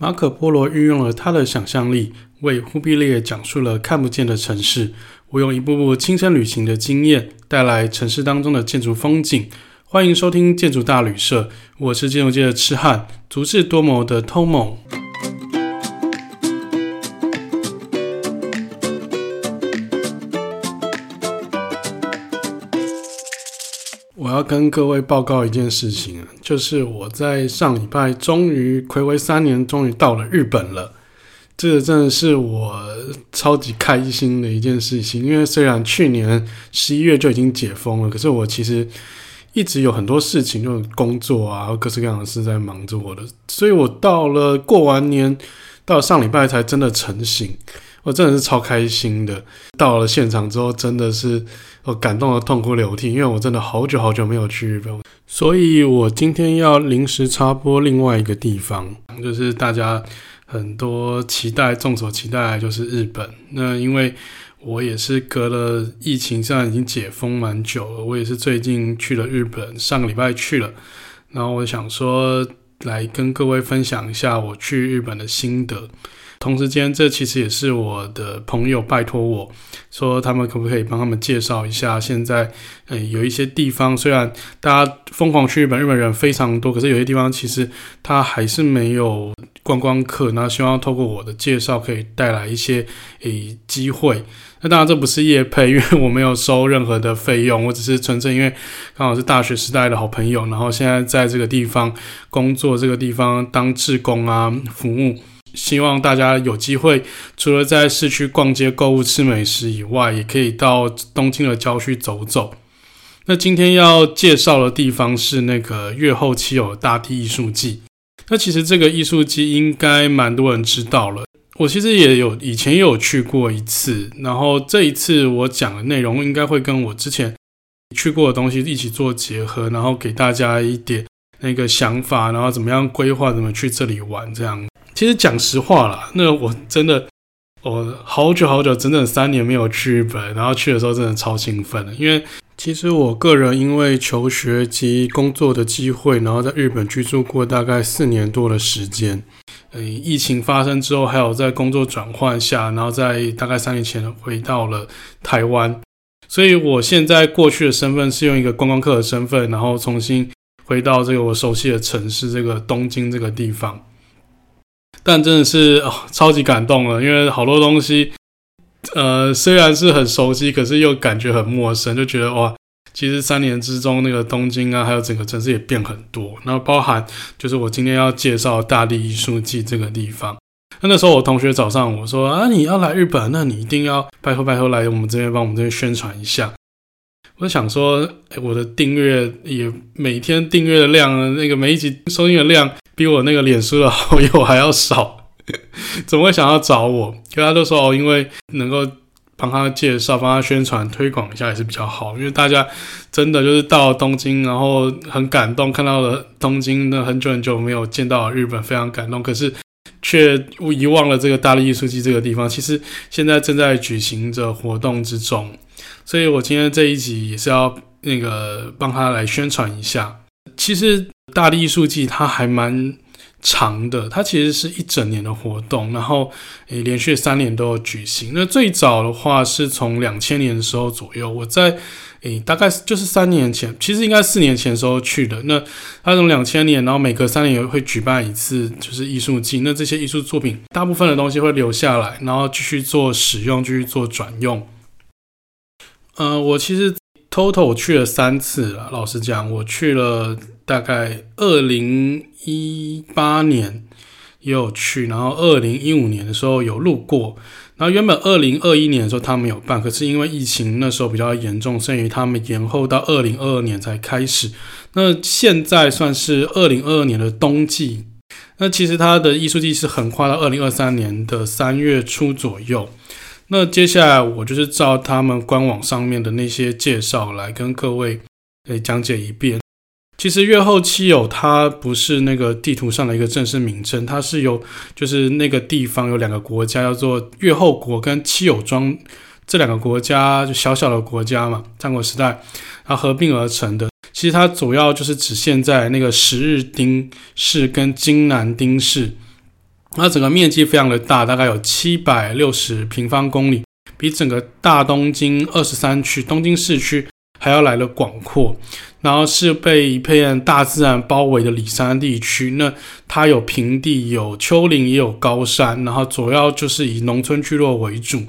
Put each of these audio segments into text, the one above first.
馬可波羅運用了他的想象力，為忽必烈講述了看不見的城市。我用一步步親身旅行的經驗，帶來城市當中的建築風景。歡迎收聽《建築大旅社》，我是建築界的痴漢，足智多謀的 Tomo。跟各位報告一件事情，就是我在上禮拜終於暌違三年，終於到了日本了。這個真的是我超級開心的一件事情，因為雖然去年十一月就已經解封了，可是我其實一直有很多事情，就是工作啊，各式各樣的事在忙着我的，所以我到了過完年，到上禮拜才真的成型。我真的是超開心的，到了現場之後，真的是我感動得痛哭流涕，因為我真的好久好久沒有去日本，所以我今天要臨時插播另外一個地方，就是大家很多期待、眾所期待的就是日本。那因為我也是隔了疫情，現在已經解封蠻久了，我也是最近去了日本，上個禮拜去了，然後我想說來跟各位分享一下我去日本的心得。同時間，這其實也是我的朋友拜托我說，他們可不可以幫他們介紹一下？現在，呃，有一些地方雖然大家瘋狂去日本，日本人非常多，可是有些地方其實他還是沒有觀光客。那希望透過我的介紹，可以帶來一些誒機會。那當然，這不是業配，因為我沒有收任何的費用，我只是純粹因為剛好是大學時代的好朋友，然後現在在這個地方工作，這個地方當志工啊，服務。希望大家有機會，除了在市區逛街、購物、吃美食以外，也可以到東京的郊區走走。那今天要介紹的地方是那個越後妻有大地藝術季。那其實這個藝術季應該蠻多人知道了，我其實也有，以前也有去過一次。然後這一次我講的內容應該會跟我之前去過的東西一起做結合，然後給大家一點那個想法，然後怎麼樣規劃，怎麼去這裡玩這樣。其實講實話啦，那我真的我好久好久，整整三年沒有去日本，然後去的時候真的超興奮的，因為其實我個人因為求學及工作的機會，然後在日本居住過大概四年多的時間。呃，疫情發生之後，還有在工作轉換下，然後在大概三年前回到了台灣，所以我現在過去的身份是用一個觀光客的身份，然後重新回到這個我熟悉的城市，這個東京這個地方。但真的是，哦，超級感動了，因為好多東西，呃，雖然是很熟悉，可是又感覺很陌生，就覺得哇，其實三年之中那個東京啊，還有整個城市也變很多。那包含就是我今天要介紹大地藝術季這個地方。那那時候我同學找上我說啊，你要來日本，那你一定要拜托拜托來我們這邊幫我們這邊宣傳一下。我想說，欸、我的訂閱也每天訂閱的量，那個每一集收音的量，比我那個臉書的好友還要少呵呵。怎麼會想要找我，其他都說、哦、因為能夠幫他介紹、幫他宣傳、推廣一下也是比較好。因為大家真的就是到了東京，然後很感動，看到了東京，那很久很久沒有見到日本，非常感動。可是卻遺忘了這個大地藝術季這個地方。其實現在正在舉行着活動之中。所以，我今天這一集也是要那個幫他來宣傳一下。其實，大地藝術季它還蠻長的，它其實是一整年的活動，然後誒、欸、連續三年都有舉行。那最早的話是從兩千年的時候左右，我在誒、欸、大概就是三年前，其實應該四年前的時候去的。那他從兩千年，然後每隔三年也會舉辦一次就是藝術季。那這些藝術作品大部分的東西會留下來，然後繼續做使用，繼續做轉用。呃，我其實偷偷去了三次了。老實講，我去了大概二零一八年也有去，然後二零一五年的時候有路過，然後原本二零二一年的時候他們有辦，可是因為疫情那時候比較嚴重，所以他們延後到二零二二年才開始。那現在算是二零二二年的冬季。那其實他的藝術季是橫跨到二零二三年的三月初左右。那接下來我就是照他們官網上面的那些介紹來跟各位可以講解一遍。其實越後妻有它不是那個地圖上的一個正式名稱，它是有就是那個地方有兩個國家，叫做越後國跟妻有莊這兩個國家，就小小的國家嘛，戰國時代，它合併而成的。其實它主要就是指現在那個十日町市跟津南町市。那整個面積非常的大，大概有七百六十平方公里，比整個大東京二十三區、東京市區還要來得廣闊。然後是被一片大自然包圍的里山地區，那它有平地、有丘陵、也有高山。然後主要就是以農村聚落為主。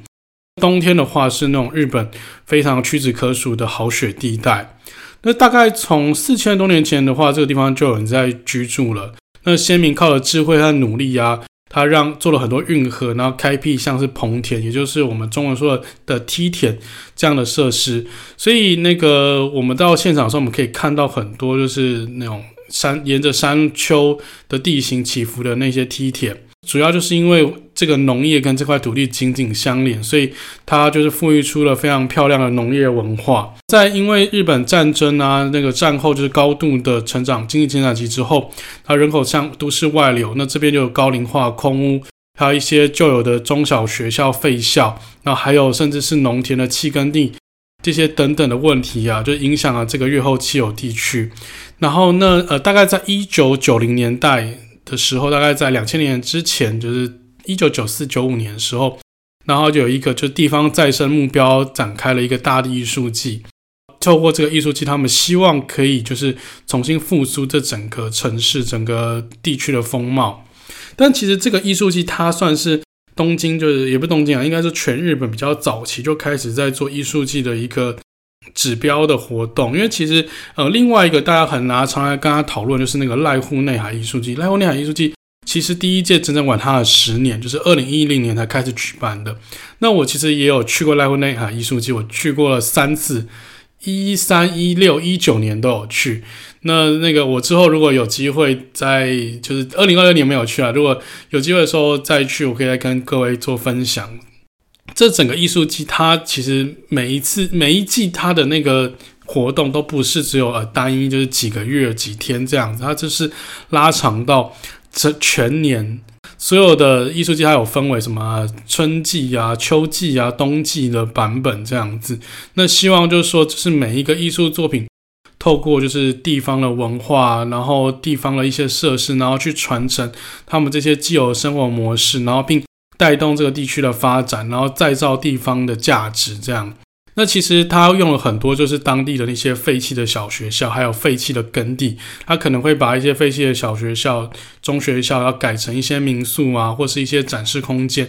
冬天的話是那種日本非常屈指可數的好雪地帶。那大概從四千多年前的話，這個地方就有人在居住了。那先民靠着智慧和努力啊。他讓做了很多運河，然後開闢像是棚田，也就是我們中文說的，的梯田這樣的設施。所以那個我們到現場的時候，我們可以看到很多就是那種山沿着山丘的地形起伏的那些梯田。主要就是因為這個農業跟這塊土地緊緊相連，所以它就是孕育出了非常漂亮的農業文化。在因為日本戰爭啊，那個戰後就是高度的成長經濟成長期之後，它人口向都市外流，那這邊就有高齡化、空屋，還有一些舊有的中小學校廢校，那還有甚至是農田的棄耕地這些等等的問題啊，就影響了這個越後妻有地區。然後那呃，大概在一九九零年代。的時候，大概在兩千年之前，就是一九九四九五年的時候，然後就有一個就地方再生目標展開了一個大地藝術季，透過這個藝術季，他們希望可以就是重新復甦這整個城市整個地區的風貌。但其實這個藝術季它算是東京，就是也不東京啊，應該是全日本比較早期就開始在做藝術季的一個。指標的活動，因為其實呃，另外一個大家很拿常來跟他討論，就是那個瀨戶內海藝術季。瀨戶內海藝術季其實第一屆整整管它的十年，就是二零一零年才開始舉辦的。那我其實也有去過瀨戶內海藝術季，我去過了三次，一三一六一九年都有去。那那個我之後如果有機會再就是二零二六年沒有去啊。如果有機會的時候再去，我可以再跟各位做分享。這整個藝術季，它其實每一次每一季它的那個活動都不是只有呃單一，就是幾個月幾天這樣子，它就是拉長到全全年。所有的藝術季，它有分為什麼啊、春季啊、秋季啊、冬季的版本這樣子。那希望就是說，就是每一個藝術作品，透過就是地方的文化，然後地方的一些設施，然後去傳承他們這些既有的生活模式，然後並。帶動這個地區的發展，然後再造地方的價值，這樣。那其實他用了很多，就是當地的那些廢棄的小學校，還有廢棄的耕地。他可能會把一些廢棄的小學校、中學校要改成一些民宿啊，或是一些展示空間。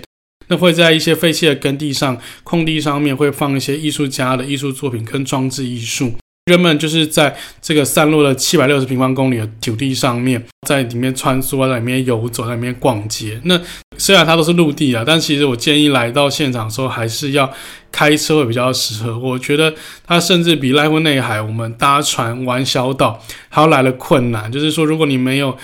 那會在一些廢棄的耕地上、空地上面會放一些藝術家的藝術作品跟裝置藝術。人們就是在這個散落了七百六十平方公里的土地上面，在裡面穿梭，在裡面遊走，在裡面逛街。那雖然它都是陸地啊，但其實我建議來到現場的時候，還是要開車會比較適合。我覺得它甚至比瀨戶內海，我們搭船玩小島還要來的困難。就是說，如果你沒有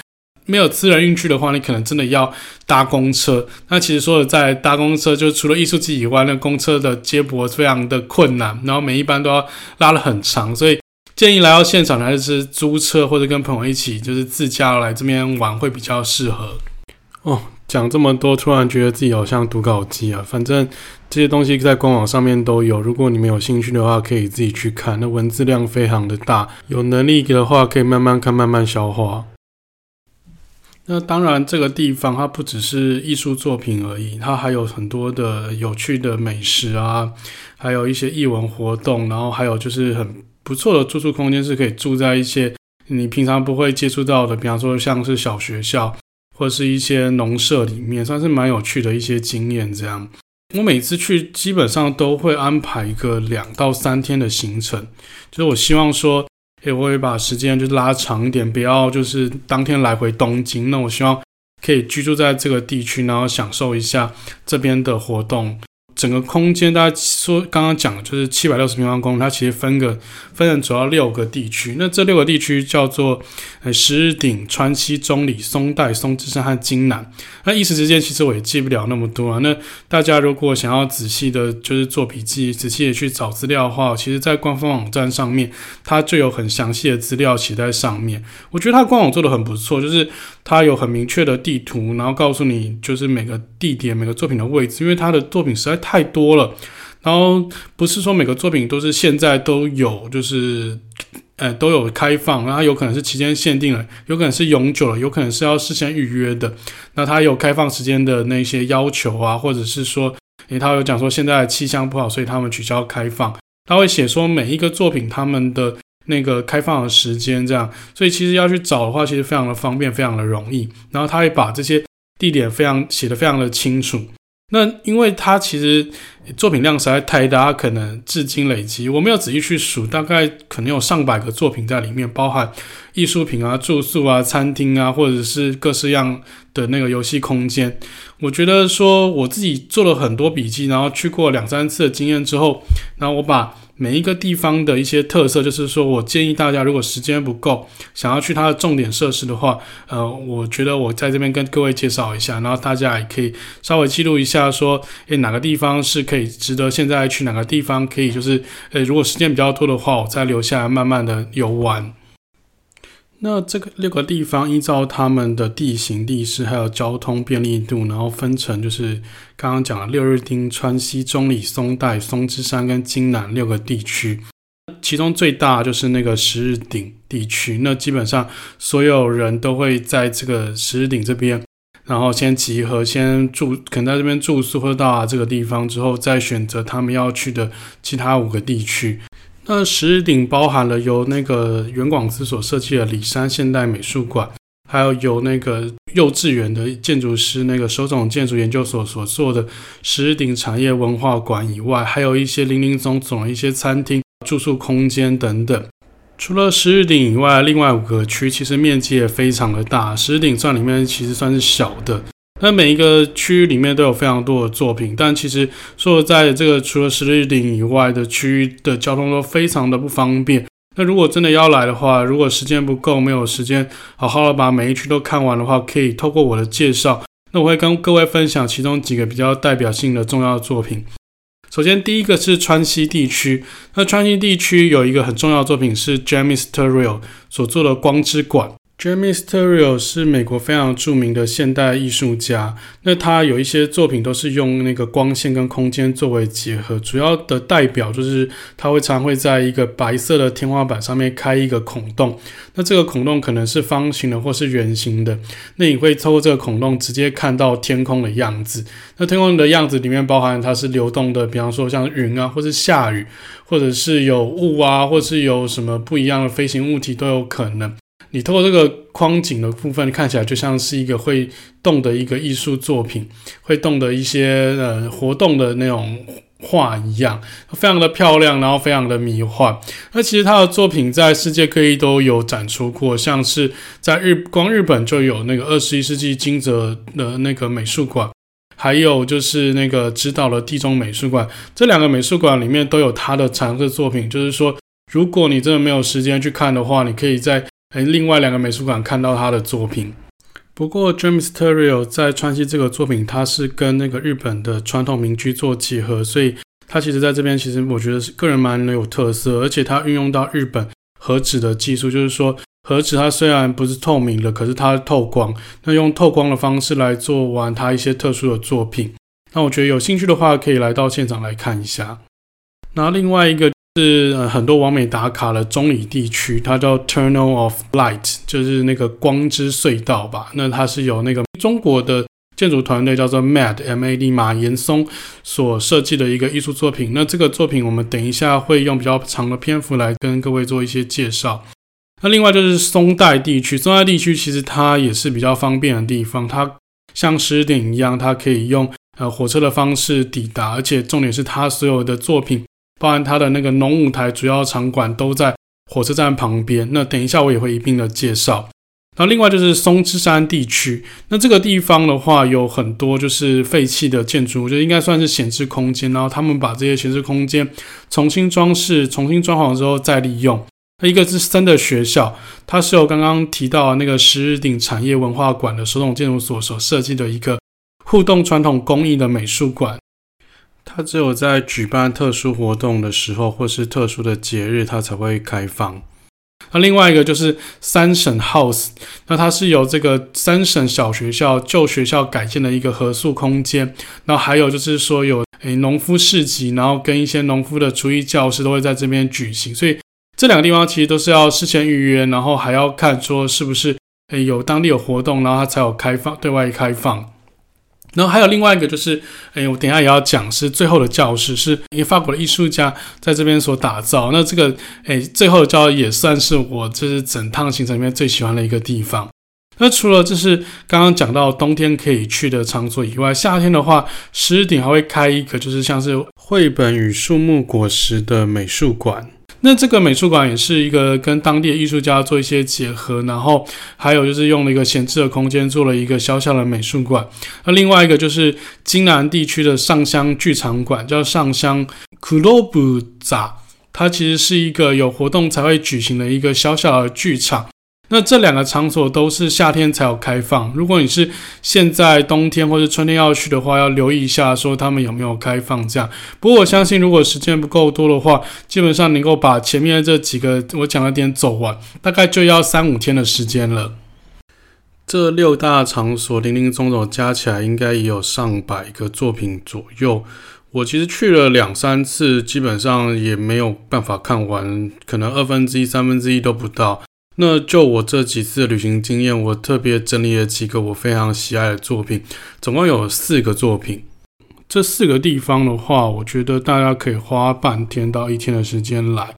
沒有私人運去的話，你可能真的要搭公車。那其實說的在搭公車，就除了藝術季以外，那公車的接駁非常的困難，然後每一班都要拉得很長，所以建議來到現場來還是，是租車或者跟朋友一起，就是自駕來這邊玩會比較適合。哦，講這麼多，突然覺得自己好像讀稿機啊。反正這些東西在官網上面都有，如果你們有興趣的話，可以自己去看。那文字量非常的大，有能力的話可以慢慢看，慢慢消化。那當然，這個地方它不只是藝術作品而已，它還有很多的有趣的美食啊，還有一些藝文活動，然後還有就是很不錯的住宿空間，是可以住在一些你平常不會接觸到的，比方說像是小學校或者是一些農舍裡面，算是蠻有趣的一些經驗。這樣，我每次去基本上都會安排一個兩到三天的行程，就是我希望說。也會把時間就是拉長一點，不要就是當天來回東京。那我希望可以居住在這個地區，然後享受一下這邊的活動。整個空間，大家說剛剛講的就是七百六十平方公里，它其實分個分成主要六個地區。那這六個地區叫做呃，十日町、川西、中里、松代、松之山和津南。那一時之間其實我也記不了那麼多啊。那大家如果想要仔細的，就是做筆記、仔細的去找資料的話，其實在官方網站上面，它就有很詳細的資料寫在上面。我覺得它官網做得很不錯，就是。它有很明確的地圖，然後告訴你就是每個地點，每個作品的位置，因為他的作品實在太多了。然後不是說每個作品都是現在都有，就是，呃、欸，都有開放，然後有可能是期間限定了，有可能是永久了，有可能是要事先預約的。那它有開放時間的那些要求啊，或者是說，誒、欸，他有講說現在氣象不好，所以他們取消開放。他會寫說每一個作品他們的。那個開放的時間，這樣，所以其實要去找的話，其實非常的方便，非常的容易。然後他會把這些地點非常寫得非常的清楚。那因為他其實作品量實在太大，可能至今累積，我沒有仔細去數，大概可能有上百個作品在裡面，包含藝術品啊、住宿啊、餐廳啊，或者是各式樣的那個遊戲空間。我覺得說我自己做了很多筆記，然後去過兩三次的經驗之後，然後我把。每一個地方的一些特色，就是說我建議大家，如果時間不夠，想要去它的重點設施的話，呃，我覺得我在這邊跟各位介紹一下，然後大家也可以稍微記錄一下，說，誒，哪個地方是可以值得現在去，哪個地方可以就是，誒，如果時間比較多的話，我再留下來慢慢的遊玩。那這個六個地方，依照他們的地形地勢，還有交通便利度，然後分成就是剛剛講的六日町、川西、中里、松代、松之山跟津南六個地區。其中最大就是那個十日町地區。那基本上所有人都會在這個十日町這邊，然後先集合，先住，可能在這邊住宿或者到達這個地方之後，再選擇他們要去的其他五個地區。那十日町包含了由那個原廣司所設計的里山現代美術館，還有由那個幼稚園的建築師那個手塚建築研究所所做的十日町產業文化館以外，還有一些零零總總的一些餐廳、住宿空間等等。除了十日町以外，另外五個區其實面積也非常的大，十日町算裡面其實算是小的。那每一個區域裡面都有非常多的作品，但其實說實在的這個除了十日町以外的區域的交通都非常的不方便。那如果真的要來的話，如果時間不夠，沒有時間好好的把每一區都看完的話，可以透過我的介紹，那我會跟各位分享其中幾個比較代表性的重要作品。首先，第一個是川西地區。那川西地區有一個很重要的作品是 James Turrell 所做的《光之館》。James Turrell 是美國非常著名的現代藝術家。那他有一些作品都是用那個光線跟空間作為結合，主要的代表就是他會常，常會在一個白色的天花板上面開一個孔洞。那這個孔洞可能是方形的，或是圓形的。那你會透過這個孔洞直接看到天空的樣子。那天空的樣子裡面包含它是流動的，比方說像雲啊，或是下雨，或者是有霧啊，或是有什麼不一樣的飛行物體都有可能。你透過這個框景的部分看起來就像是一個會動的一個藝術作品，會動的一些呃活動的那種畫一樣，非常的漂亮，然後非常的迷幻。那其實他的作品在世界各地都有展出過，像是在日光日本就有那個二十一世紀金澤的那個美術館，還有就是那個直島的地中美術館，這兩個美術館裡面都有他的常設作品。就是說，如果你真的沒有時間去看的話，你可以在。哎，另外兩個美術館看到他的作品。不過，James Turrell 在川西這個作品，它是跟那個日本的傳統民居做結合，所以它其實在這邊其實我覺得是個人蠻有特色，而且它運用到日本和紙的技術，就是說和紙它雖然不是透明的，可是它透光，那用透光的方式來做完它一些特殊的作品。那我覺得有興趣的話，可以來到現場來看一下。那另外一個。是、呃、很多網美打卡的中里地區，它叫 Tunnel of Light，就是那個光之隧道吧？那它是由那個中國的建築團隊叫做 MAD M A D 馬岩松所設計的一個藝術作品。那這個作品我們等一下會用比較長的篇幅來跟各位做一些介紹。那另外就是松代地區，松代地區其實它也是比較方便的地方，它像十日町一樣，它可以用呃火車的方式抵達，而且重點是它所有的作品。包含它的那個農舞台主要場館都在火車站旁邊。那等一下我也會一並的介紹。那另外就是松之山地區，那這個地方的話有很多就是廢棄的建築物，就應該算是閒置空間。然後他們把這些閒置空間重新裝飾、重新裝潢之後再利用。那一個是森的學校，它是由剛剛提到那個十日町產業文化館的首董建築所所設計的一個互動傳統工藝的美術館。它只有在舉辦特殊活動的時候，或是特殊的節日，它才會開放。那另外一個就是三省 House，那它是由這個三省小學校舊學校改建的一個合宿空間。那還有就是說有、欸、農夫市集，然後跟一些農夫的廚藝教室都會在這邊舉行。所以這兩個地方其實都是要事先預約，然後還要看說是不是誒、欸、有當地有活動，然後它才有開放對外開放。然後還有另外一個就是，哎，我等一下也要講，是最後的教室，是法國的藝術家在這邊所打造。那這個，哎，最後的教室也算是我這是整趟行程裡面最喜歡的一個地方。那除了這是剛剛講到冬天可以去的場所以外，夏天的話，十日町還會開一個就是像是繪本與樹木果實的美術館。那這個美術館也是一個跟當地的藝術家做一些結合，然後還有就是用了一個閒置的空間做了一個小小的美術館。那另外一個就是津南地區的上鄉劇場館，叫上鄉 Clove 座。它其實是一個有活動才會舉行的一個小小的劇場。那這兩個場所都是夏天才有開放。如果你是現在冬天或者春天要去的話，要留意一下說他們有沒有開放這樣。不過我相信，如果時間不夠多的話，基本上能夠把前面這幾個我講的點走完，大概就要三五天的時間了。這六大場所林林總總加起來，應該也有上百個作品左右。我其實去了兩三次，基本上也沒有辦法看完，可能二分之一、三分之一都不到。那就我這幾次的旅行經驗，我特別整理了幾個我非常喜愛的作品，總共有四個作品。這四個地方的話，我覺得大家可以花半天到一天的時間來。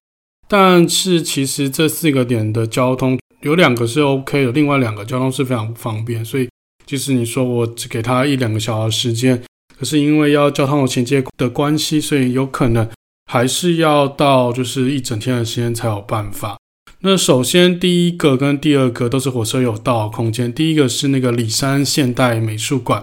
但是其實這四個點的交通，有兩個是 OK 的，另外兩個交通是非常不方便。所以即使你說我只給他一兩個小時時間，可是因為要交通有銜接的關係，所以有可能還是要到就是一整天的時間才有辦法。那首先，第一個跟第二個都是火車有道空間。第一個是那個里山現代美術館，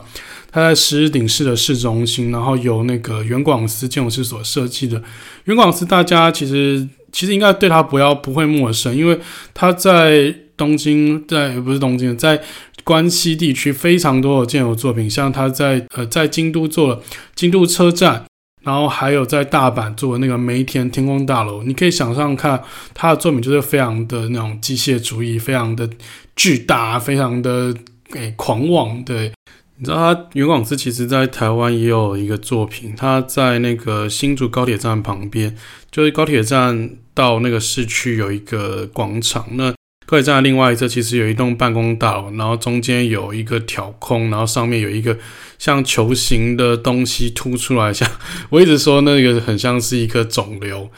它在十日町市的市中心，然後由那個原廣司建築師所設計的。原廣司大家其實其實應該對它不要不會陌生，因為它在東京，在不是東京，在關西地區非常多的建築作品，像它在呃在京都做了京都車站。然後還有在大阪做的那個梅田天、天空大樓，你可以想象看他的作品，就是非常的那種機械主義，非常的巨大，非常的誒狂妄的。你知道他原廣司其實在台灣也有一個作品，他在那個新竹高鐵站旁邊，就是高鐵站到那個市區有一個廣場那，可以站在另外一側，其實有一棟辦公大樓，然後中間有一個挑空，然後上面有一個像球形的東西突出來，像我一直說那個很像是一個腫瘤。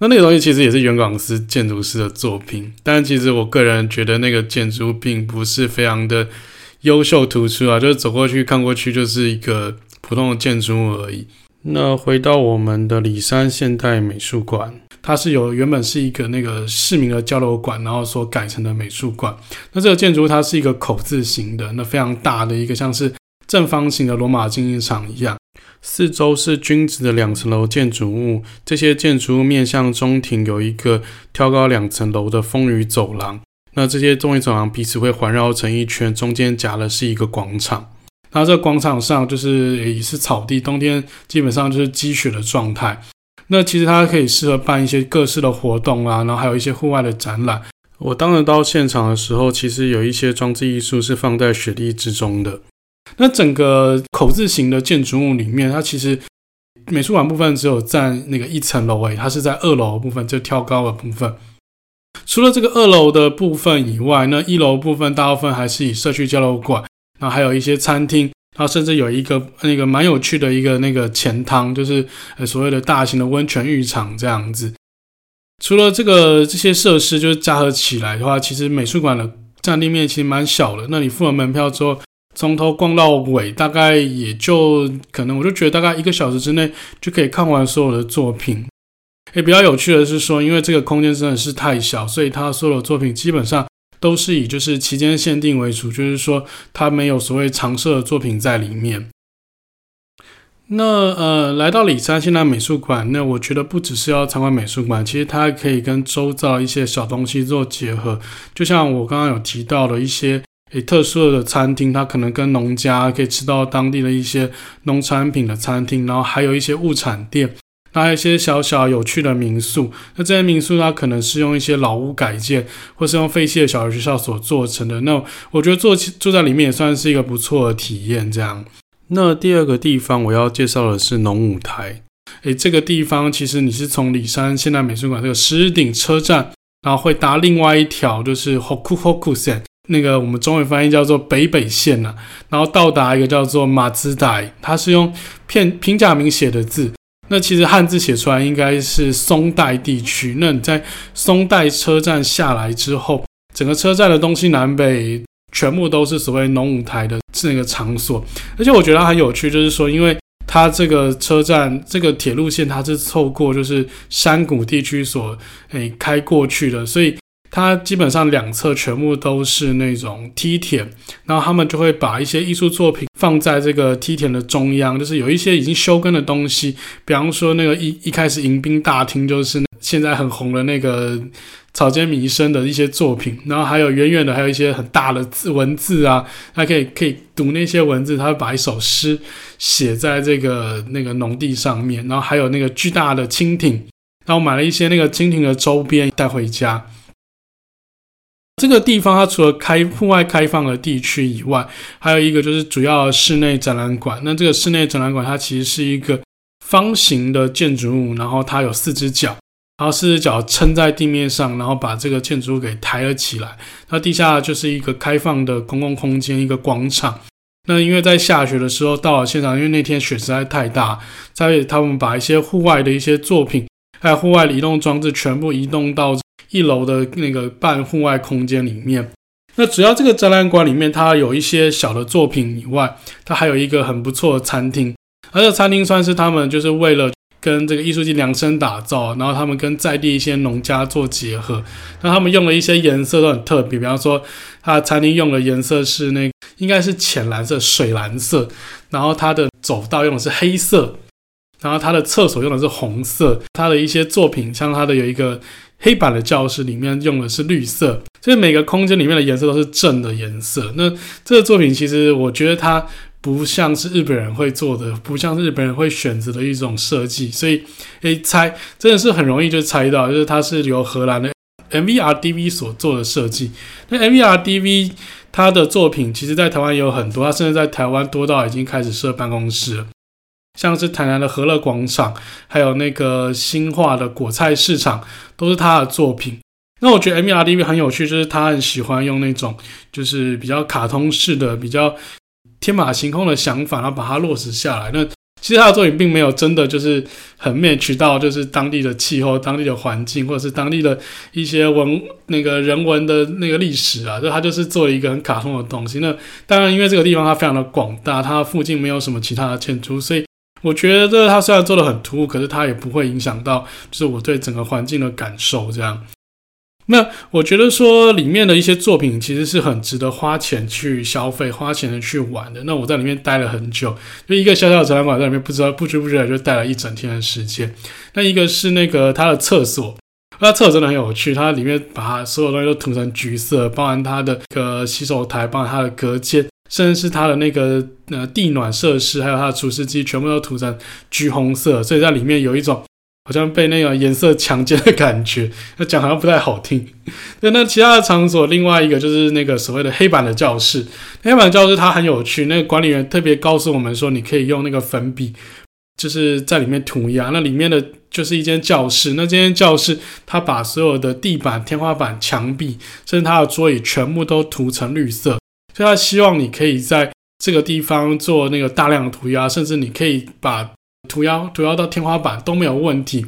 那那個東西其實也是原廣司建築師的作品，但其實我個人覺得那個建築並不是非常的優秀，突出啊，就是走過去看過去就是一個普通的建築物而已。那回到我們的里山現代美術館。它是由原本是一個那個市民的交流館，然後所改成的美術館。那這個建築它是一個口字形的，那非常大的一個像是正方形的羅馬競技場一樣，四周是均質的兩層樓建築物。這些建築物面向中庭有一個挑高兩層樓的風雨走廊。那這些風雨走廊彼此會環繞成一圈，中間夾的是一個廣場。那這廣場上就是也是草地，冬天基本上就是積雪的狀態。那其實它可以適合辦一些各式的活動啊，然後還有一些戶外的展覽。我當然到現場的時候，其實有一些裝置藝術是放在雪地之中的。那整個口字形的建築物裡面，它其實美術館部分只有佔那個一層樓，誒，它是在二樓的部分，就挑高的部分。除了這個二樓的部分以外，那一樓部分大部分還是以社區交流館，然後還有一些餐廳。然後甚至有一個那個蠻有趣的一個那個錢湯，就是呃所謂的大型的溫泉浴場這樣子。除了這個這些設施，就是加合起來的話，其實美術館的佔地面積其實蠻小的。那你付了門票之後，從頭逛到尾，大概也就可能我就覺得大概一個小時之內就可以看完所有的作品。也比較有趣的是說，因為這個空間真的是太小，所以他所有的作品基本上。都是以就是期間限定為主，就是說它沒有所謂常設的作品在裡面。那呃，來到里山現代美術館，那我覺得不只是要參觀美術館，其實它還可以跟周遭一些小東西做結合。就像我剛剛有提到的一些誒、欸、特色的餐廳，它可能跟農家可以吃到當地的一些農產品的餐廳，然後還有一些物產店。還有一些小小有趣的民宿，那這些民宿它可能是用一些老屋改建，或是用廢棄的小學學校所做成的。那我覺得住住在裡面也算是一個不錯的體驗。這樣，那第二個地方我要介紹的是農舞台。誒、欸，這個地方其實你是從里山現代美術館這個十日町車站，然後會搭另外一條就是 Hoku Hoku 線那個我們中文翻譯叫做北北線了、啊，然後到達一個叫做 Matsudai，它是用片平假名寫的字。那其實漢字寫出來應該是松代地區。那你在松代車站下來之後，整個車站的東西南北全部都是所謂農舞台的那個場所。而且我覺得很有趣，就是說，因為它這個車站、這個鐵路線，它是透過就是山谷地區所誒開過去的，所以。它基本上兩側全部都是那種梯田，然後他們就會把一些藝術作品放在這個梯田的中央，就是有一些已經修根的東西，比方說那個一一開始迎賓大廳，就是那現在很紅的那個草間彌生的一些作品，然後還有遠遠的還有一些很大的字文字啊，他可以可以讀那些文字，他會把一首詩寫在這個那個農地上面，然後還有那個巨大的蜻蜓，然後買了一些那個蜻蜓的周邊帶回家。這個地方它除了開戶外開放的地區以外，還有一個就是主要室內展覽館。那這個室內展覽館它其實是一個方形的建築物，然後它有四隻腳，然後四隻腳撐在地面上，然後把這個建築物給抬了起來。那地下就是一個開放的公共空間，一個廣場。那因為在下雪的時候到了現場，因為那天雪實在太大，在他們把一些戶外的一些作品。在戶外移動裝置全部移動到一樓的那個半戶外空間裡面。那主要這個展覽館裡面，它有一些小的作品以外，它還有一個很不錯的餐廳。而這個餐廳算是他們就是為了跟這個藝術季量身打造，然後他們跟在地一些農家做結合。那他們用了一些顏色都很特別，比方說，他餐廳用的顏色是那個應該是淺藍色，水藍色，然後它的走道用的是黑色。然後他的廁所用的是紅色，他的一些作品像他的有一個黑板的教室裡面用的是綠色，所以每個空間裡面的顏色都是正的顏色。那這個作品其實我覺得它不像是日本人會做的，不像是日本人會選擇的一種設計，所以，誒，猜，真的是很容易就猜到，就是它是由荷蘭的 MVRDV 所做的設計。那 MVRDV 它的作品其實，在台灣也有很多，它甚至在台灣多到已經開始設辦公室了。像是台南的河樂廣場，還有那個新化的果菜市場，都是他的作品。那我覺得 MVRDV 很有趣，就是他很喜歡用那種就是比較卡通式的、比較天馬行空的想法，然後把它落實下來。那其實他的作品並沒有真的就是很 match 到就是當地的氣候、當地的環境，或者是當地的一些文那個人文的那個歷史啊，就他就是做了一個很卡通的東西。那當然，因為這個地方它非常的廣大，它附近沒有什麼其他的建築，所以。我覺得它雖然做得很突兀，可是它也不會影響到，就是我對整個環境的感受這樣。那我覺得說裡面的一些作品其實是很值得花錢去消費、花錢的去玩的。那我在裡面待了很久，就一個小小的展覽館在裡面，不知道不知不覺就待了一整天的時間。那一個是那個它的廁所，它廁所真的很有趣，它裡面把所有東西都塗成橘色，包含它的個洗手台，包含它的隔間。甚至是它的那個呃地暖設施，還有它的除濕機，全部都塗成橘紅色，所以在裡面有一種好像被那個顏色強姦的感覺。那講好像不太好聽。那那其他的場所，另外一個就是那個所謂的黑板的教室。黑板教室它很有趣，那個管理員特別告訴我們說，你可以用那個粉筆，就是在裡面塗鴉，那裡面的就是一間教室，那間教室它把所有的地板、天花板、牆壁，甚至它的桌椅，全部都塗成綠色。所以他希望你可以在這個地方做那個大量的塗鴉，甚至你可以把塗鴉塗鴉到天花板都沒有問題。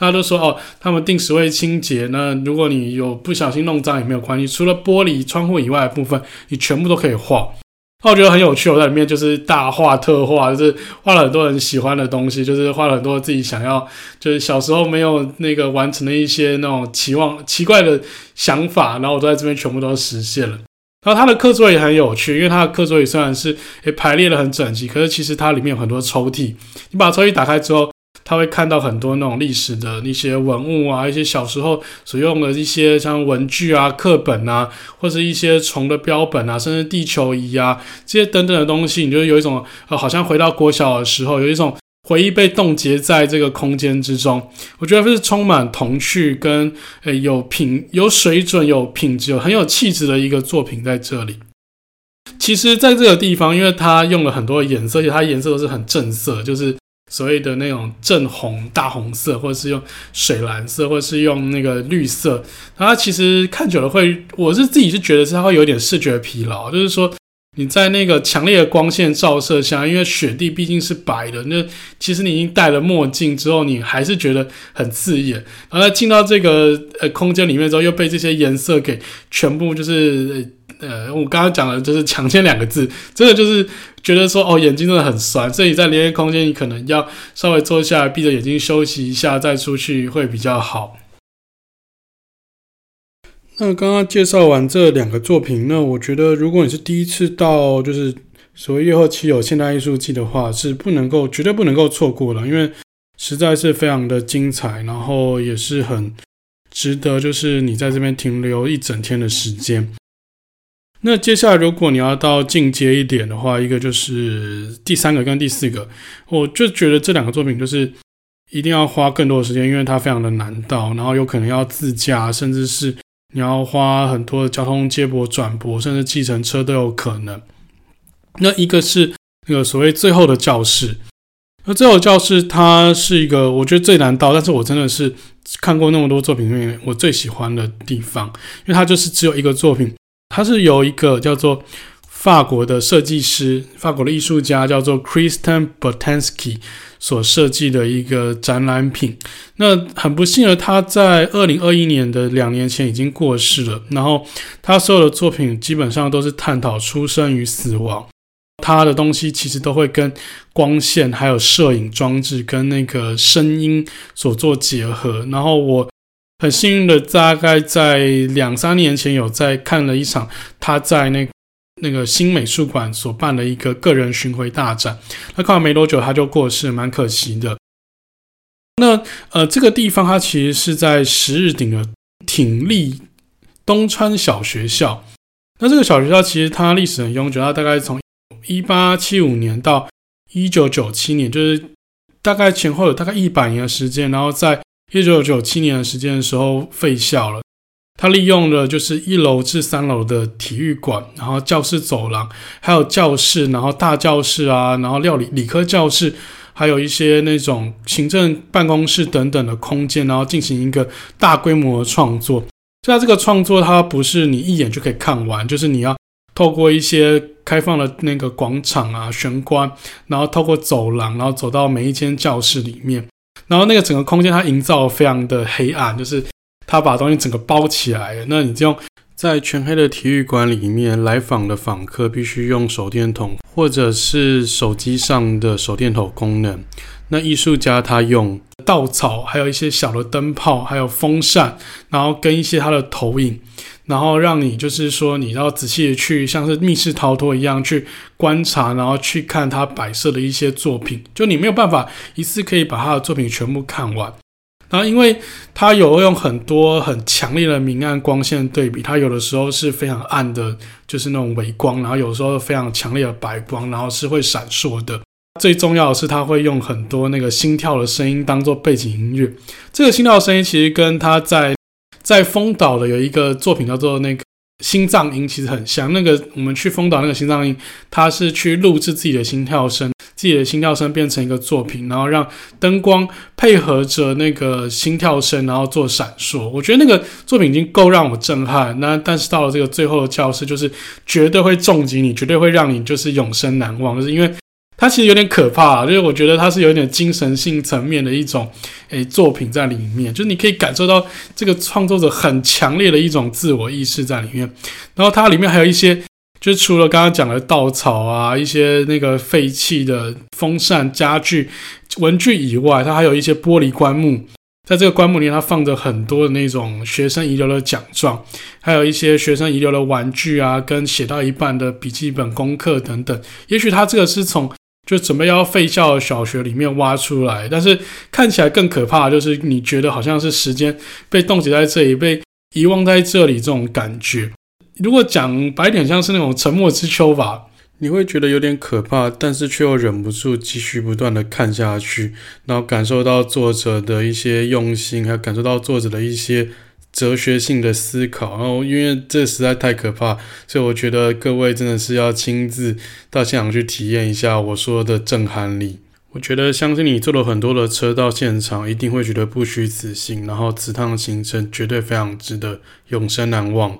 大家都說哦，他們定時會清潔，那如果你有不小心弄髒也沒有關係。除了玻璃窗戶以外的部分，你全部都可以畫。那、哦、我覺得很有趣，我在裡面就是大畫特畫，就是畫了很多人喜歡的東西，就是畫了很多自己想要，就是小時候沒有那個完成的一些那種期望、奇怪的想法，然後我都在這邊全部都實現了。然後他的課桌也很有趣，因為他的課桌椅雖然是也排列的很整齊，可是其實它裡面有很多抽屜。你把抽屜打開之後，他會看到很多那種歷史的一些文物啊，一些小時候所用的一些像文具啊、課本啊，或是一些蟲的標本啊，甚至地球儀啊這些等等的東西，你就有一種呃，好像回到國小的時候，有一種。回憶被凍結在這個空間之中，我覺得是充滿童趣跟、欸、有品有水準有品質有很有氣質的一個作品在這裡。其實，在這個地方，因為它用了很多顏色，而且它顏色都是很正色，就是所謂的那種正紅、大紅色，或者是用水藍色，或者是用那個綠色。它其實看久了會，我是自己是覺得是它會有點視覺疲勞，就是說。你在那個強烈的光線照射下，因為雪地畢竟是白的，那其實你已經戴了墨鏡之後，你還是覺得很刺眼。然後再進到這個呃空間裡面之後，又被這些顏色給全部就是呃，我剛剛講的就是“強見”兩個字，真的就是覺得說哦，眼睛真的很酸。所以在連接空間，你可能要稍微坐下來，閉着眼睛休息一下，再出去會比較好。那剛剛介紹完這兩個作品，那我覺得如果你是第一次到，就是所謂越後妻有現代藝術季的話，是不能夠絕對不能夠錯過的，因為實在是非常的精彩，然後也是很值得，就是你在這邊停留一整天的時間。那接下來如果你要到進階一點的話，一個就是第三個跟第四個，我就覺得這兩個作品就是一定要花更多的時間，因為它非常的難到，然後有可能要自駕，甚至是。你要花很多的交通接駁、轉駁，甚至計程車都有可能。那一個是那個所謂最後的教室。那最後的教室，它是一個我覺得最難到，但是我真的是看過那麼多作品裡面我最喜歡的地方，因為它就是只有一個作品，它是由一個叫做。法國的設計師、法國的藝術家叫做 Christian Boltanski 所設計的一個展覽品。那很不幸的，他在二零二一年的兩年前已經過世了。然後他所有的作品基本上都是探討出生與死亡。他的東西其實都會跟光線、還有攝影裝置跟那個聲音所做結合。然後我很幸運的，大概在兩三年前有在看了一場他在那個。那個新美術館所辦的一個個人巡迴大展，那看完沒多久他就過世，蠻可惜的。那呃，這個地方它其實是在十日町的町立東川小學校。那這個小學校其實它歷史很悠久，它大概從一八七五年到一九九七年，就是大概前後有大概一百年的時間。然後在一九九七年的時間的時候廢校了。他利用了就是一樓至三樓的體育館，然後教室、走廊，還有教室，然後大教室啊，然後料理、理科教室，還有一些那種行政辦公室等等的空間，然後進行一個大規模的創作。現在這個創作，它不是你一眼就可以看完，就是你要透過一些開放的那個廣場啊、玄關，然後透過走廊，然後走到每一間教室裡面，然後那個整個空間它營造非常的黑暗，就是。他把東西整個包起來了，那你這樣在全黑的體育館裡面，來訪的訪客必須用手電筒，或者是手機上的手電筒功能。那藝術家他用稻草，還有一些小的燈泡，還有風扇，然後跟一些他的投影，然後讓你就是說，你要仔細的去，像是密室逃脫一樣去觀察，然後去看他擺設的一些作品。就你沒有辦法一次可以把他的作品全部看完。然後，因為他有用很多很強烈的明暗光線對比，他有的時候是非常暗的，就是那種微光，然後有時候非常強烈的白光，然後是會閃爍的。最重要的是，他會用很多那個心跳的聲音當做背景音樂。這個心跳的聲音其實跟他在在豐島的有一個作品叫做那個心臟音，其實很像。那個我們去豐島那個心臟音，他是去錄製自己的心跳聲。自己的心跳聲變成一個作品，然後讓燈光配合着那個心跳聲，然後做閃爍。我覺得那個作品已經夠讓我震撼。那但是到了這個最後的教室，就是絕對會重擊你，絕對會讓你就是永生難忘。就是因為它其實有點可怕，就是我覺得它是有點精神性層面的一種誒作品在裡面，就是你可以感受到這個創作者很強烈的一種自我意識在裡面。然後它裡面還有一些。就除了剛剛講的稻草啊，一些那個廢棄的風扇、家具、文具以外，它還有一些玻璃棺木。在這個棺木裡面，它放着很多的那種學生遺留的獎狀，還有一些學生遺留的玩具啊，跟寫到一半的筆記本功課等等。也許它這個是從就準備要廢校的小學裡面挖出來，但是看起來更可怕的，就是你覺得好像是時間被凍結在這裡，被遺忘在這裡這種感覺。如果講白點，像是那種沉默之丘吧，你會覺得有點可怕，但是卻又忍不住繼續不斷的看下去，然後感受到作者的一些用心，還有感受到作者的一些哲學性的思考。然後因為這實在太可怕，所以我覺得各位真的是要親自到現場去體驗一下我說的震撼力。我覺得相信你坐了很多的車到現場，一定會覺得不虛此行，然後此趟的行程絕對非常值得永生難忘。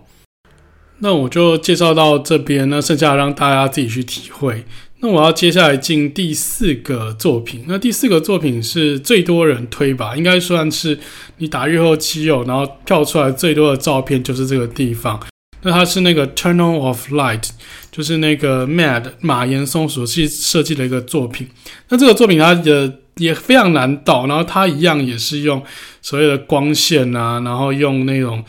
那我就介紹到這邊呢，剩下讓大家自己去體會。那我要接下來進第四個作品。那第四個作品是最多人推吧，應該算是你打越後妻有、哦，然後跳出來最多的照片就是這個地方。那它是那個 Tunnel of Light，就是那個 MAD 馬岩松所設計的一個作品。那這個作品它也也非常難倒，然後它一樣也是用所謂的光線啊，然後用那種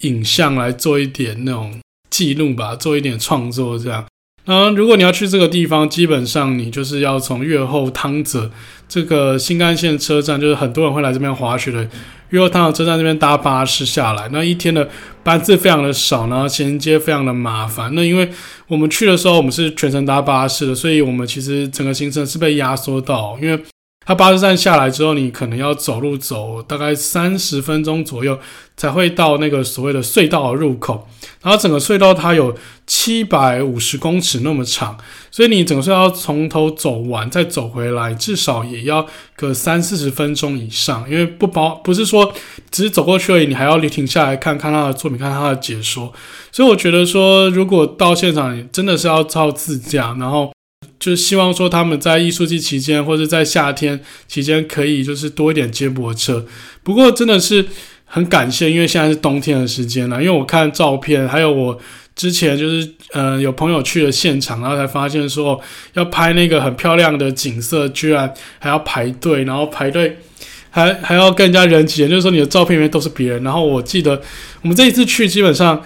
影像來做一點那種。記錄吧，做一點創作這樣。那、啊、如果你要去這個地方，基本上你就是要從越後湯澤這個新幹線車站，就是很多人會來這邊滑雪的，越後湯澤車站這邊搭巴士下來。那一天的班次非常的少，然後銜接非常的麻煩。那因為我們去的時候，我們是全程搭巴士的，所以我們其實整個行程是被壓縮到，因為。它巴士站下來之後，你可能要走路走大概三十分鐘左右，才會到那個所謂的隧道的入口。然後整個隧道它有七百五十公尺那麼長，所以你整個隧道要從頭走完再走回來，至少也要個三四十分鐘以上。因為不包不是說只是走過去而已，你還要停下來看看他的作品，看他的解說。所以我覺得說，如果到現場真的是要靠自駕，然後。就希望說他們在藝術季期間，或者在夏天期間，可以就是多一點接駁車。不過真的是很感謝，因為現在是冬天的時間了。因為我看照片，還有我之前就是呃有朋友去了現場，然後才發現說要拍那個很漂亮的景色，居然還要排隊，然後排隊還還要更加人擠，就是說你的照片裡面都是別人。然後我記得我們這一次去，基本上。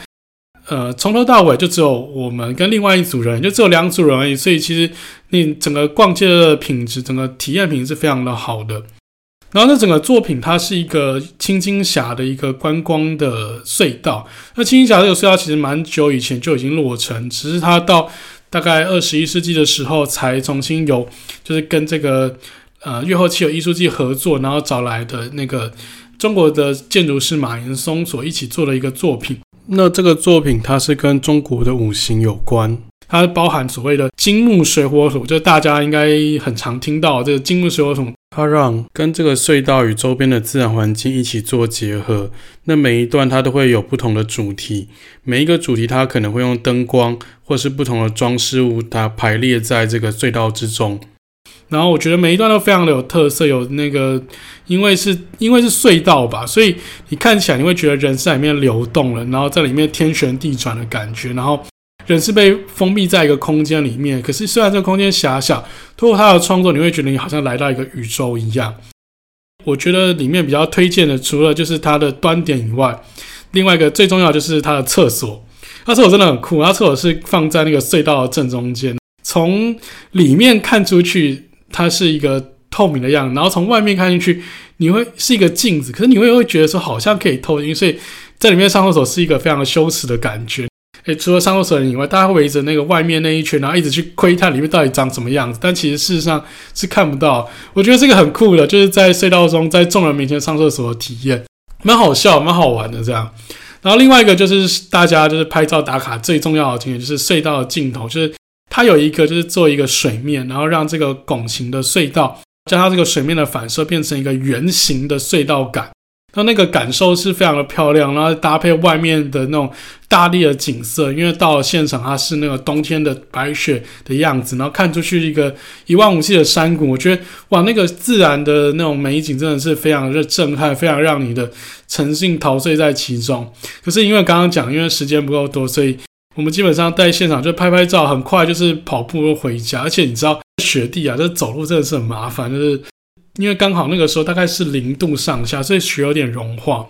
呃，從頭到尾就只有我們跟另外一組人，就只有兩組人而已，所以其實你整個逛街的品質，整個體驗品質非常的好的。然後，那整個作品它是一個清津峽的一個觀光的隧道。那清津峽這個隧道其實蠻久以前就已經落成，只是它到大概二十一世紀的時候才重新有，就是跟這個呃越後妻有藝術季合作，然後找來的那個中國的建築師馬岩松所一起做的一個作品。那這個作品它是跟中國的五行有關，它包含所謂的金木水火土，就大家應該很常聽到這個金木水火土。它讓跟這個隧道與周邊的自然環境一起做結合。那每一段它都會有不同的主題，每一個主題它可能會用燈光或是不同的裝飾物，它排列在這個隧道之中。然後我覺得每一段都非常的有特色，有那個，因為是，因為是隧道吧，所以你看起來你會覺得人是在裡面流動了，然後在裡面天旋地轉的感覺，然後人是被封閉在一個空間裡面。可是雖然這個空間狹小，通過他的創作，你會覺得你好像來到一個宇宙一樣。我覺得裡面比較推薦的，除了就是它的端點以外，另外一個最重要就是它的廁所。它廁所真的很酷，它廁所是放在那個隧道的正中間。從裡面看出去，它是一個透明的樣子，然後從外面看進去，你會是一個鏡子，可是你會會覺得說好像可以透進，所以在裡面上廁所是一個非常羞恥的感覺。誒、欸，除了上廁所的人以外，大家會圍着那個外面那一圈，然後一直去窺探裡面到底長什麼樣子，但其實事實上是看不到。我覺得這個很酷的，就是在隧道中，在眾人面前上廁所的體驗，蠻好笑、蠻好玩的這樣。然後另外一個就是大家就是拍照打卡最重要的景點，就是隧道的盡頭，就是，它有一個就是做一個水面，然後讓這個拱形的隧道，將它這個水面的反射變成一個圓形的隧道感，那那個感受是非常的漂亮。然後搭配外面的那種大地的景色，因為到了現場它是那個冬天的白雪的樣子，然後看出去一個一望無際的山谷，我覺得哇，那個自然的那種美景真的是非常的震撼，非常讓你的沉浸陶醉在其中。可是因為剛剛講，因為時間不夠多，所以。我們基本上在現場就拍拍照，很快就是跑步回家。而且你知道雪地啊，這走路真的是很麻煩，就是因為剛好那個時候大概是零度上下，所以雪有點融化。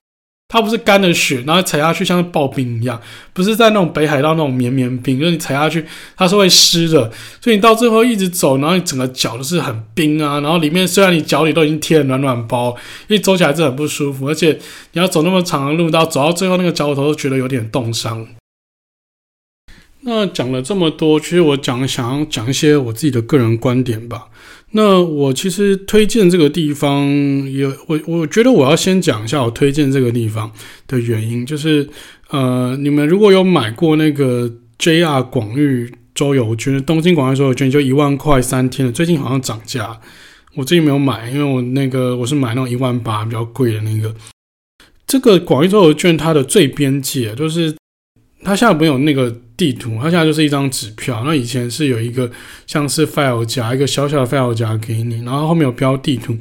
它不是乾的雪，然後踩下去像是刨冰一樣，不是在那種北海道那種綿綿冰，就是你踩下去它是會濕的。所以你到最後一直走，然後你整個腳都是很冰啊。然後裡面雖然你腳裡都已經貼了暖暖包，因為走起來是很不舒服，而且你要走那麼長的路，到走到最後那個腳趾頭都覺得有點凍傷。那講了這麼多，其實我講想要講一些我自己的個人觀點吧。那我其實推薦這個地方也，有我我覺得我要先講一下我推薦這個地方的原因，就是呃，你們如果有買過那個 JR 廣域周遊券，東京廣域周遊券就一萬塊三天的，最近好像漲價，我最近沒有買，因為我那個我是買那種一萬八比較貴的那個。這個廣域周遊券它的最邊界就是。它現在沒有那個地圖，它現在就是一張紙票。那以前是有一個像是 file 夾，一個小小的 file 夾給你，然後後面有標地圖。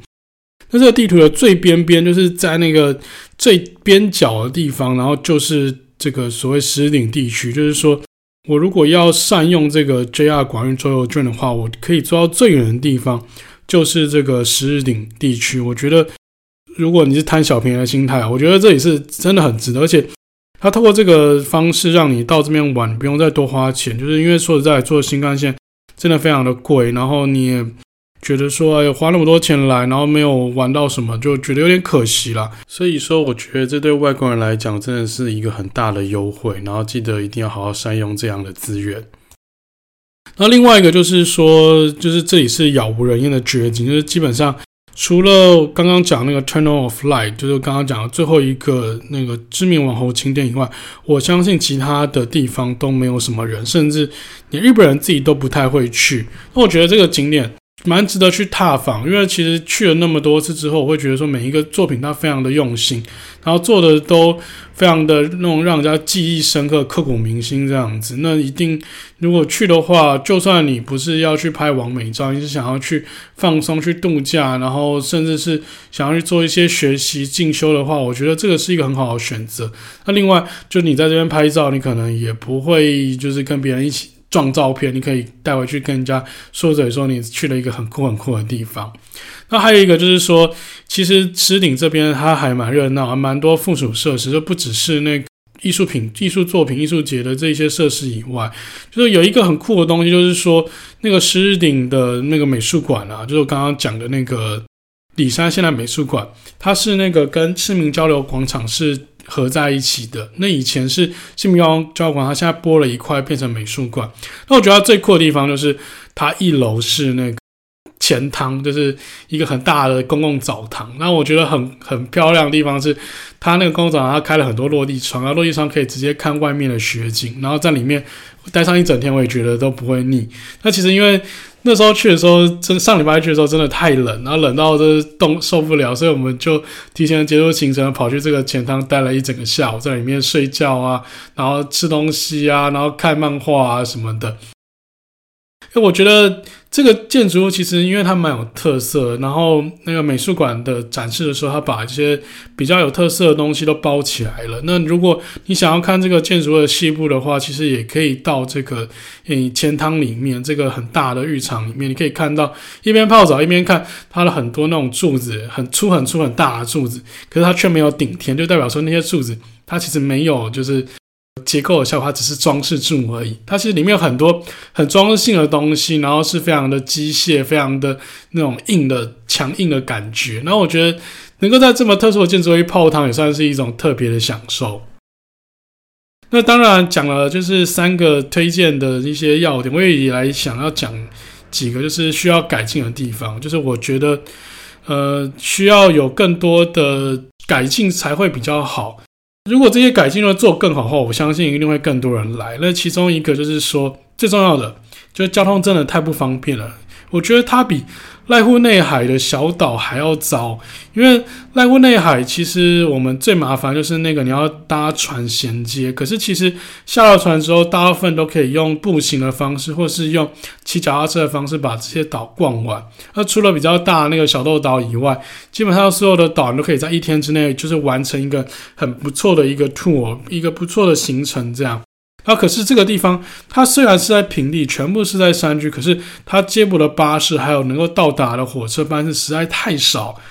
那這個地圖的最邊邊就是在那個最邊角的地方，然後就是這個所謂十日町地區。就是說我如果要善用這個 JR 廣域周遊券的話，我可以坐到最遠的地方，就是這個十日町地區。我覺得如果你是貪小便宜的心態，我覺得這裡是真的很值得，而且。他透過這個方式讓你到這邊玩，不用再多花錢，就是因為說實在，坐新幹線真的非常的貴，然後你也覺得說，哎、欸，花那麼多錢來，然後沒有玩到什麼，就覺得有點可惜啦。所以說，我覺得這對外國人來講真的是一個很大的優惠，然後記得一定要好好善用這樣的資源。那另外一個就是說，就是這裡是杳無人煙的絕景，就是基本上。除了剛剛講那個 Tunnel of Light，就是剛剛講的最後一個那個知名網紅景點以外，我相信其他的地方都沒有什麼人，甚至你日本人自己都不太會去。那我覺得這個景點，蠻值得去踏訪，因為其實去了那麼多次之後，我會覺得說，每一個作品它非常的用心，然後做的都非常的那種讓人家記憶深刻、刻骨銘心這樣子。那一定如果去的話，就算你不是要去拍網美照，你是想要去放鬆、去度假，然後甚至是想要去做一些學習進修的話，我覺得這個是一個很好的選擇。那另外，就你在這邊拍照，你可能也不會就是跟別人一起。撞照片，你可以帶回去跟人家說嘴說，說你去了一個很酷很酷的地方。那還有一個就是說，其實十日町這邊它還蠻熱鬧，蠻多附屬設施，就不只是那個藝術品、藝術作品、藝術節的這些設施以外，就是有一個很酷的東西，就是說那個十日町的那個美術館啊，就是我剛剛講的那個里山現代美術館，它是那個跟市民交流廣場是。合在一起的。那以前是新民光交管，它現在撥了一塊變成美術館。那我覺得它最酷的地方就是它一樓是那個錢湯，就是一個很大的公共澡堂。那我覺得很很漂亮的地方是它那個公共澡堂它開了很多落地窗，然後落地窗可以直接看外面的雪景。然後在裡面待上一整天，我也覺得都不會膩。那其實因為那時候去的時候，真上禮拜去的時候，真的太冷，然後冷到這凍受不了，所以我們就提前結束行程，跑去這個錢湯待了一整個下午，在裡面睡覺啊，然後吃東西啊，然後看漫畫啊什麼的。我覺得這個建築其實因為它蠻有特色，然後那個美術館的展示的時候，它把這些比較有特色的東西都包起來了。那如果你想要看這個建築的細部的話，其實也可以到這個誒錢湯裡面這個很大的浴場裡面，你可以看到一邊泡澡一邊看它的很多那種柱子，很粗很粗很大的柱子，可是它卻沒有頂天，就代表說那些柱子它其實沒有就是。結構的效果，它只是裝飾柱而已。它其實裡面有很多很裝飾性的東西，然後是非常的機械，非常的那種硬的、強硬的感覺。那我覺得能夠在這麼特殊的建築裡泡湯，也算是一種特別的享受。那當然講了，就是三個推薦的一些要點。我也以來想要講幾個，就是需要改進的地方，就是我覺得呃需要有更多的改進才會比較好。如果這些改進如果做更好的話，我相信一定會更多人來。那其中一個就是說，最重要的就是交通真的太不方便了。我覺得它比瀨戶內海的小島還要早，因為瀨戶內海其實我們最麻煩就是那個你要搭船銜接，可是其實下了船之後，大部分都可以用步行的方式，或是用騎腳踏車的方式把這些島逛完。那除了比較大那個小豆島以外，基本上所有的島你都可以在一天之內，就是完成一個很不錯的一個 tour，一個不錯的行程這樣。那、啊、可是這個地方，它雖然是在平地，全部是在山區，可是它接駁的巴士還有能夠到達的火車班次實在太少。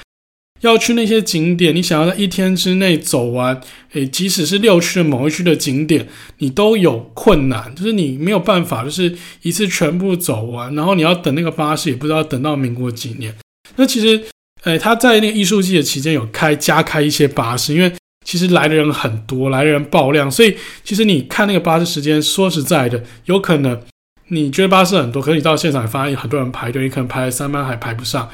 要去那些景點，你想要在一天之內走完，誒、欸，即使是六區的某一區的景點，你都有困難，就是你沒有辦法，就是一次全部走完，然後你要等那個巴士，也不知道等到民國幾年。那其實，誒、欸，他在那個藝術季的期間有開加開一些巴士，因為。其實來的人很多，來的人爆量，所以其實你看那個巴士時間，說實在的，有可能你覺得巴士很多，可是你到現場發現很多人排隊，你可能排了三班還排不上。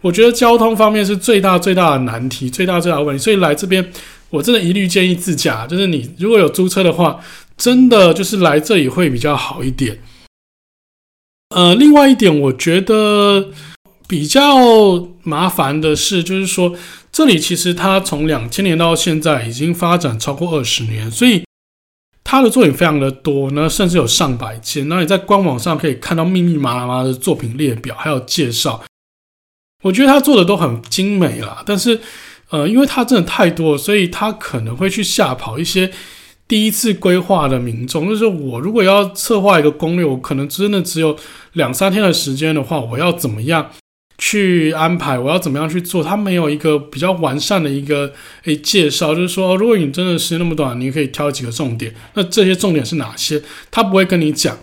我覺得交通方面是最大最大的難題，最大最大的問題，所以來這邊我真的一律建議自駕，就是你如果有租車的話，真的就是來這裡會比較好一點。呃，另外一點，我覺得。比較麻煩的是，就是說，這裡其實他從兩千年到現在已經發展超過二十年，所以他的作品非常的多呢，甚至有上百件。那你在官網上可以看到密密麻麻的作品列表，還有介紹。我覺得他做的都很精美啦，但是，呃，因為它真的太多了，所以他可能會去嚇跑一些第一次規劃的民眾。就是我如果要策劃一個攻略，我可能真的只有兩三天的時間的話，我要怎麼樣？去安排我要怎麼樣去做，他沒有一個比較完善的一個誒介紹，就是說，哦，如果你真的時間那麼短，你可以挑幾個重點，那這些重點是哪些？他不會跟你講，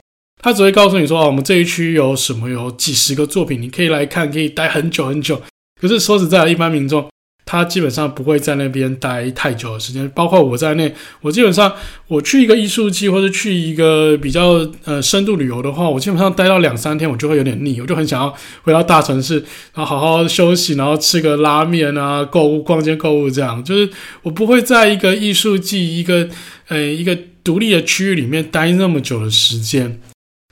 他只會告訴你說啊，哦，我們這一區有什麼，有幾十個作品，你可以來看，可以待很久很久。可是說實在的，一般民眾，他基本上不會在那邊待太久的時間，包括我在內。我基本上我去一個藝術季，或者去一個比較呃深度旅遊的話，我基本上待到兩三天，我就會有點膩，我就很想要回到大城市，然後好好休息，然後吃個拉面啊，購物逛街、購物這樣。就是我不會在一個藝術季一個呃一個獨立的區域裡面待那麼久的時間。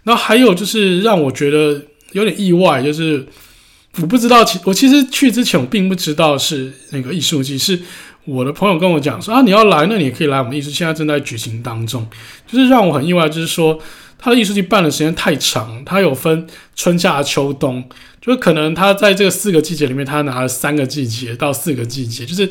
然後還有就是讓我覺得有點意外，就是。我不知道，其我其實去之前我並不知道是那個藝術季，是我的朋友跟我講說啊，你要來那你也可以來我們藝術，現在正在舉行當中。就是讓我很意外，就是說他的藝術季辦的時間太長，他有分春夏秋冬，就是可能他在這個四個季節裡面，他拿了三個季節到四個季節，就是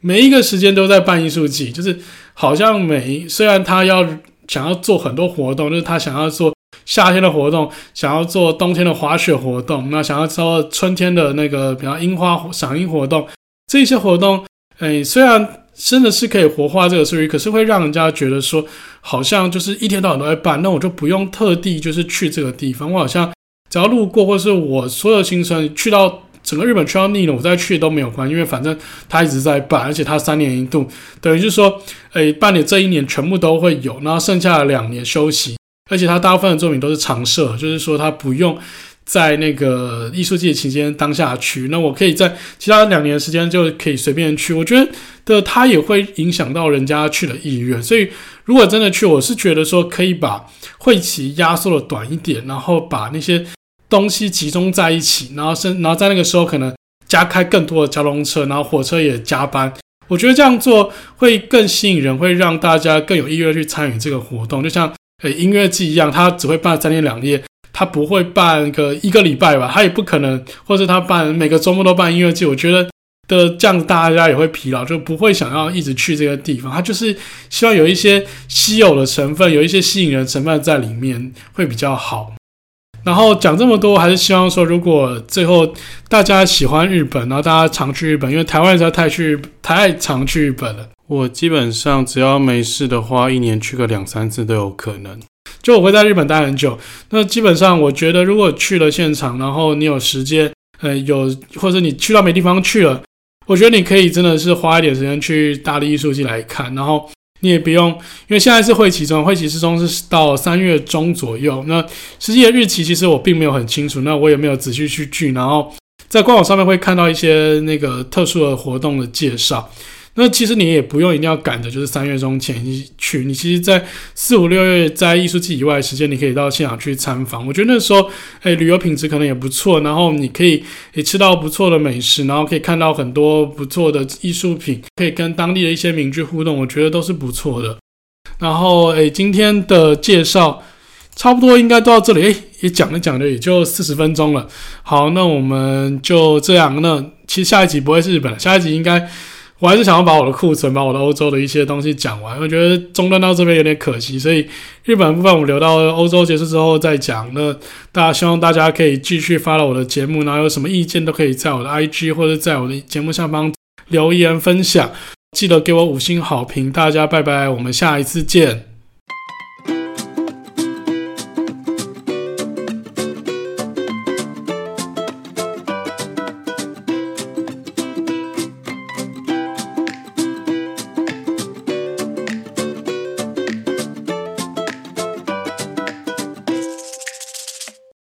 每一個時間都在辦藝術季，就是好像每，雖然他要想要做很多活動，就是他想要做。夏天的活動，想要做冬天的滑雪活動，那想要做春天的那個，比方櫻花賞櫻活動，這些活動，哎、欸，雖然真的是可以活化這個數據，可是會讓人家覺得說，好像就是一天到晚都在辦，那我就不用特地就是去這個地方，我好像只要路過，或是我所有的行程去到整個日本去到膩了，我再去都沒有關，因為反正他一直在辦，而且他三年一度，等於就是說，哎、欸，辦的這一年全部都會有，然後剩下的兩年休息。而且他大部分的作品都是常設，就是說他不用在那個藝術節期間當下去。那我可以在其他兩年的時間就可以隨便去。我覺得他也會影響到人家去的意願。所以如果真的去，我是覺得說可以把會期壓縮的短一點，然後把那些東西集中在一起，然後是然後在那個時候可能加開更多的交通車，然後火車也加班。我覺得這樣做會更吸引人，會讓大家更有意願意去參與這個活動。就像。呃、欸，音樂季一樣，他只會辦三天兩夜，他不會辦個一個禮拜吧，他也不可能，或者他辦每個週末都辦音樂季。我覺得的這樣大家也會疲勞，就不會想要一直去這個地方。他就是希望有一些稀有的成分，有一些吸引人的成分在裡面會比較好。然後講這麼多，還是希望說，如果最後大家喜歡日本，然後大家常去日本，因為台灣人實在太去太愛常去日本了。我基本上只要沒事的話，一年去個兩三次都有可能，就我會在日本待很久。那基本上，我覺得如果去了現場，然後你有時間，呃，有或者你去到沒地方去了，我覺得你可以真的是花一點時間去大地藝術季來看。然後你也不用，因為現在是會期中，會期之中是到三月中左右。那實際的日期其實我並沒有很清楚，那我也沒有仔細去記，然後在官網上面會看到一些那個特殊的活動的介紹。那其實你也不用一定要趕着，就是三月中前去。你其實，在四五六月，在藝術季以外的時間，你可以到現場去參訪。我覺得那時候，哎、欸，旅遊品質可能也不錯。然後你可以也、欸、吃到不錯的美食，然後可以看到很多不錯的藝術品，可以跟當地的一些民居互動。我覺得都是不錯的。然後，哎、欸，今天的介紹差不多應該都到這裡。哎、欸，也講了講了，也就四十分鐘了。好，那我們就這樣呢。那其實下一集不會是日本了，下一集應該。我還是想要把我的庫存，把我的歐洲的一些東西講完。我覺得中斷到這邊有點可惜，所以日本部分我們留到歐洲結束之後再講。那大家希望大家可以繼續 follow 我的節目，然後有什麼意見都可以在我的 IG 或者在我的節目下方留言分享。記得給我五星好評，大家拜拜，我們下一次見。